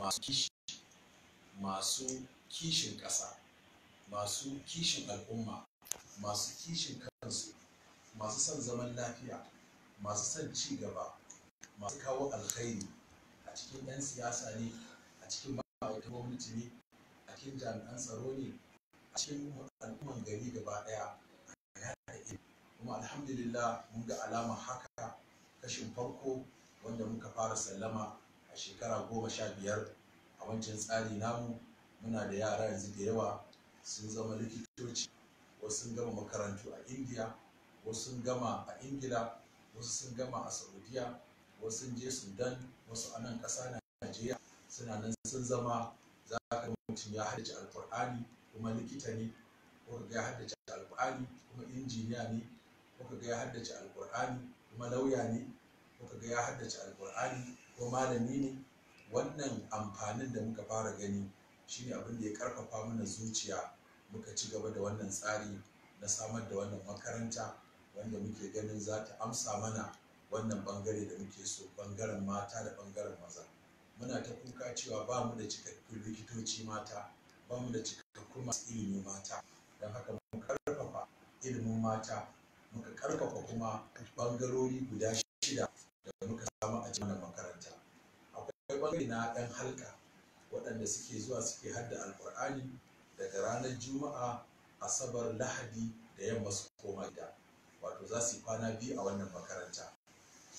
masu kishi masu kishin ƙasa masu kishin al'umma masu kishin kansu masu son zaman lafiya masu son ci gaba masu kawo alkhairi a cikin 'yan siyasa ne a cikin ma'aikatan gwamnati ne a cikin jami'an tsaro ne a cikin al'umman gari gaba daya kuma alhamdulillah mun ga alama haka kashin farko wanda muka fara sallama a shekara goma sha biyar a wancan tsari namu muna da yara yanzu da yawa sun zama likitoci wasu sun gama makarantu a indiya wasu sun gama a ingila wasu sun gama a saudiya wasu sun je sudan wasu a nan ƙasa najeriya suna nan sun zama za ka mutum ya haddace alkur'ani kuma likita ne ko ga ya haddace alkur'ani kuma injiniya ne ko ga ya haddace alkur'ani kuma lauya ne ko ga ya haddace alkur'ani ko malami ne wannan amfanin da muka fara gani shine abin da ya karfafa mana zuciya muka ci gaba da wannan tsari na samar da wannan makaranta wanda muke ganin za ta amsa mana wannan bangare da muke so bangaren mata da bangaren maza muna ta kuka cewa ba mu da cikakkun likitoci mata ba mu da cikakkun masu ilimi mata don haka mun karfafa ilimin mata muka karfafa kuma bangarori guda shida da muka samu a makaranta akwai ɓangare na ɗan halka waɗanda suke zuwa suke hadda alkur'ani daga ranar juma'a asabar lahadi da yamma su koma gida wato za su yi kwana biyu a wannan makaranta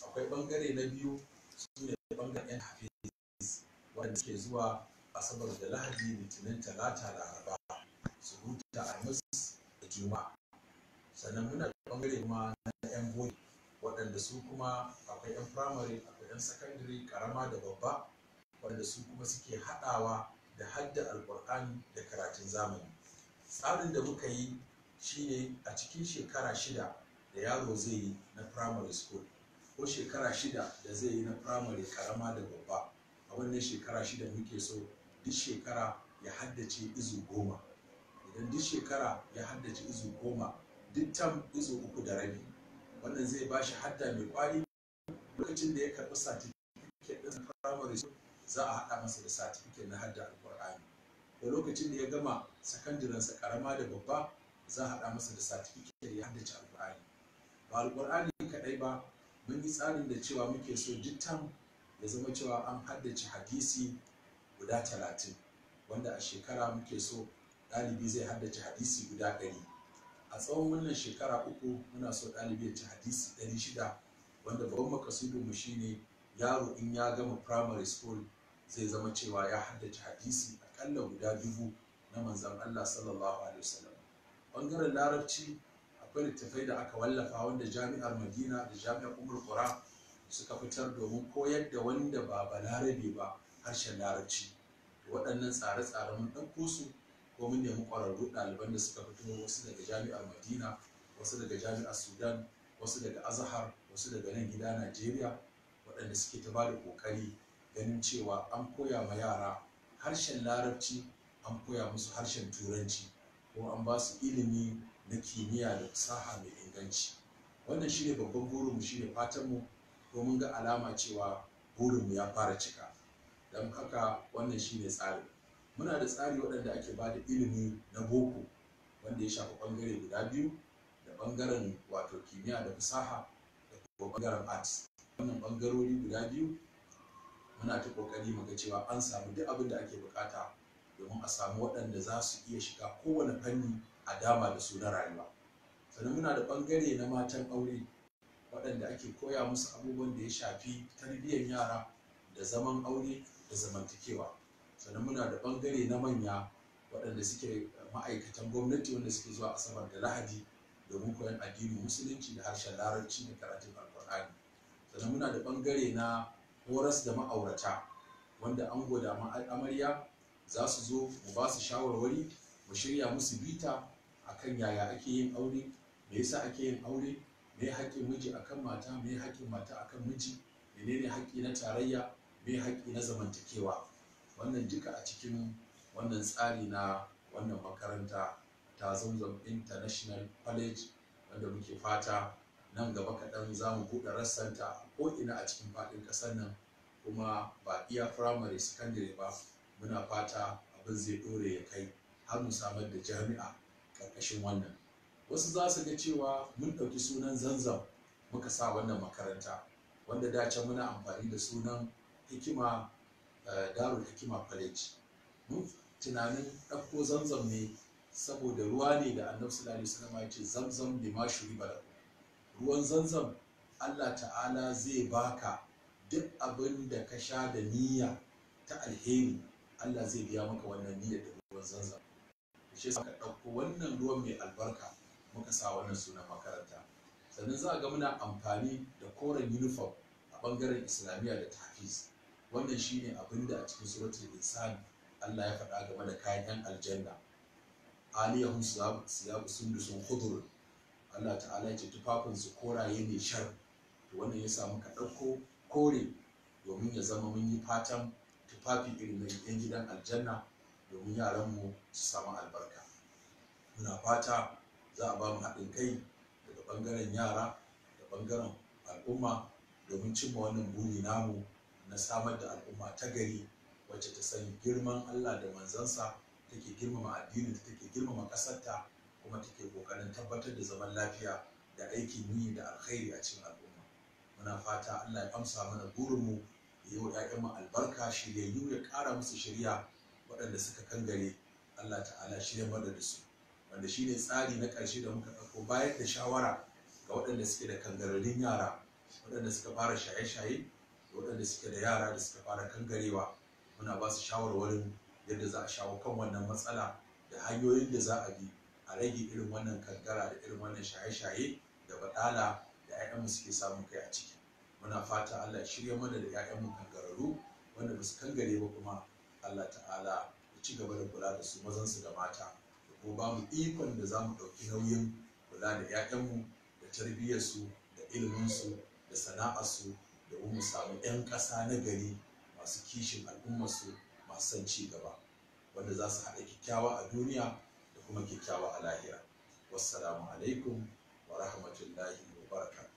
akwai ɓangare na biyu su ne ɓangaren yan hafiz waɗanda suke zuwa asabar da lahadi litinin talata laraba su huta a da juma'a sannan muna da ɓangare ma na yan boye waɗanda su kuma akwai 'yan firamare akwai 'yan sakandare karama da babba waɗanda su kuma suke haɗawa da hadda alƙur'ani da karatun zamani tsarin da muka yi shine a cikin shekara shida da yaro zai yi na firamare school ko shekara shida da zai yi na firamare karama da babba a wannan shekara shida muke so duk shekara ya haddace izu goma idan duk shekara ya haddace izu goma duk tam izu uku da rabi wannan zai ba shi hadda mai kwari lokacin da ya karɓi satifiket ɗin firamare su, za a haɗa masa da satifiket na hadda alƙur'ani da lokacin da ya gama sakandiransa ƙarama da babba za a haɗa masa da satifiket ya haddace alƙur'ani ba alƙur'ani kaɗai ba mun yi tsarin da cewa muke so dittan ya zama cewa an haddace hadisi guda talatin wanda a shekara muke so ɗalibi zai haddace hadisi guda ɗari a tsawon wannan shekara uku muna so ɗalibi ci hadisi ɗari shida wanda babban mu shine yaro in ya gama primary school zai zama cewa ya haddace hadisi akalla guda dubu na manzan Allah sallallahu alaihi wasallam bangaren larabci akwai littattafai da aka wallafa wanda jami'ar madina da jami'ar umar qura suka fitar domin koyar da wanda ba balarabe ba harshen larabci waɗannan tsare-tsare mun ɗauko su ko mun nemi ƙwararru ɗaliban da suka fito wasu daga jami'ar madina wasu daga jami'ar sudan wasu daga azahar wasu daga nan gida najeriya waɗanda suke ta ba da ƙoƙari ganin cewa an koya ma yara harshen larabci an koya musu harshen turanci ko an ba su ilimi na kimiyya da fasaha mai inganci wannan shi ne babban burinmu shi ne fatanmu mun ga alama cewa burinmu ya fara cika don haka wannan shi ne tsarin muna da tsari waɗanda ake ba da ilimi na boko wanda ya shafi ɓangare guda biyu da ɓangaren wato kimiyya da fasaha da kuma ɓangaren arts wannan ɓangarori guda biyu muna ta ƙoƙari muga cewa an samu duk abin da ake buƙata domin a samu waɗanda za su iya shiga kowane fanni a dama da su na rayuwa sannan muna da ɓangare na matan aure waɗanda ake koya musu abubuwan da ya shafi tarbiyyar yara da zaman aure da zamantakewa sannan muna da bangare na manya waɗanda suke ma'aikatan gwamnati wanda suke zuwa asabar da lahadi domin koyon addinin musulunci da harshen larabci da karatun alkur'ani sannan muna da bangare na horas da ma'aurata wanda an goda amarya za su zo mu ba su shawarwari mu shirya musu bita akan yaya ake yin aure me yasa ake yin aure me haƙƙin miji akan mata me haƙƙin mata akan miji menene haƙƙi na tarayya me haƙƙi na zamantakewa wannan duka a cikin wannan tsari na wannan makaranta ta zamzam international college wanda muke fata nan gaba kaɗan za mu buɗe rassanta a ko'ina a cikin faɗin ƙasar nan kuma ba iya firamare sakandare ba muna fata abin zai ɗore ya kai har mu samar da jami'a ƙarƙashin wannan wasu za su ga cewa mun ɗauki sunan zanzam muka sa wannan makaranta wanda dace muna amfani da sunan hikima Eh, darul hikima college tunanin ɗauko zamzam ne saboda ruwa ne da annabi sallallahu alaihi wasallam ya ce zamzam shuri shuriba ruwan zamzam Allah ta'ala zai baka duk abin da ka sha da niyya ta alheri Allah zai biya maka wannan niyya da ruwan zamzam shi yasa ka ɗauko wannan ruwan mai albarka muka sa wannan sunan makaranta sannan za a ga muna amfani da koren uniform a ɓangaren islamiyya da tafiz wannan shine abin da a cikin suratul insan Allah ya faɗa game da kayan yan aljanna aliyahum siyabu sundusun khudur Allah ta'ala ya ce tufafin su koraye ne shar to wannan ya samu ka ɗauko kore domin ya zama mun yi fatan tufafi irin na yan gidan aljanna domin yaran mu su samu albarka muna fata za a ba mu haɗin kai daga ɓangaren yara da ɓangaren al'umma domin cimma wannan buri namu na samar da al'umma ta gari wacce ta san girman Allah da manzansa take girmama addinin ta take girmama ƙasarta kuma take kokarin tabbatar da zaman lafiya da aikin yi da alkhairi a cikin al'umma muna fata Allah ya amsa mana burinmu ya yi wa mu albarka shiryayyu ya ƙara musu shirya waɗanda suka kan gare Allah ta'ala shirya mada da su wanda shi ne tsari na ƙarshe da muka ɗauko bayar da shawara ga waɗanda suke da kangararrun yara waɗanda suka fara shaye-shaye waɗanda suke da yara da suka fara kangarewa muna ba su shawarwarin yadda za a shawo kan wannan matsala da hanyoyin da za a bi a rage irin wannan kankara da irin wannan shaye-shaye da baɗala da 'ya'yanmu suke samun kai a ciki muna fata allah shirya mana da 'ya'yanmu kangararru wanda ba su kangare ba kuma allah ta'ala ya ci gaba da kula da su mazansu da mata da kuma ba mu ikon da za mu ɗauki nauyin kula da 'ya'yanmu da tarbiyyarsu da su da sana'arsu domin mu samu 'yan ƙasa na gari masu kishin al'ummarsu masu son ci gaba wanda za su haɗa kyakkyawa a duniya da kuma kyakkyawa a lahira wassalamu alaikum wa rahmatullahi wa baraka.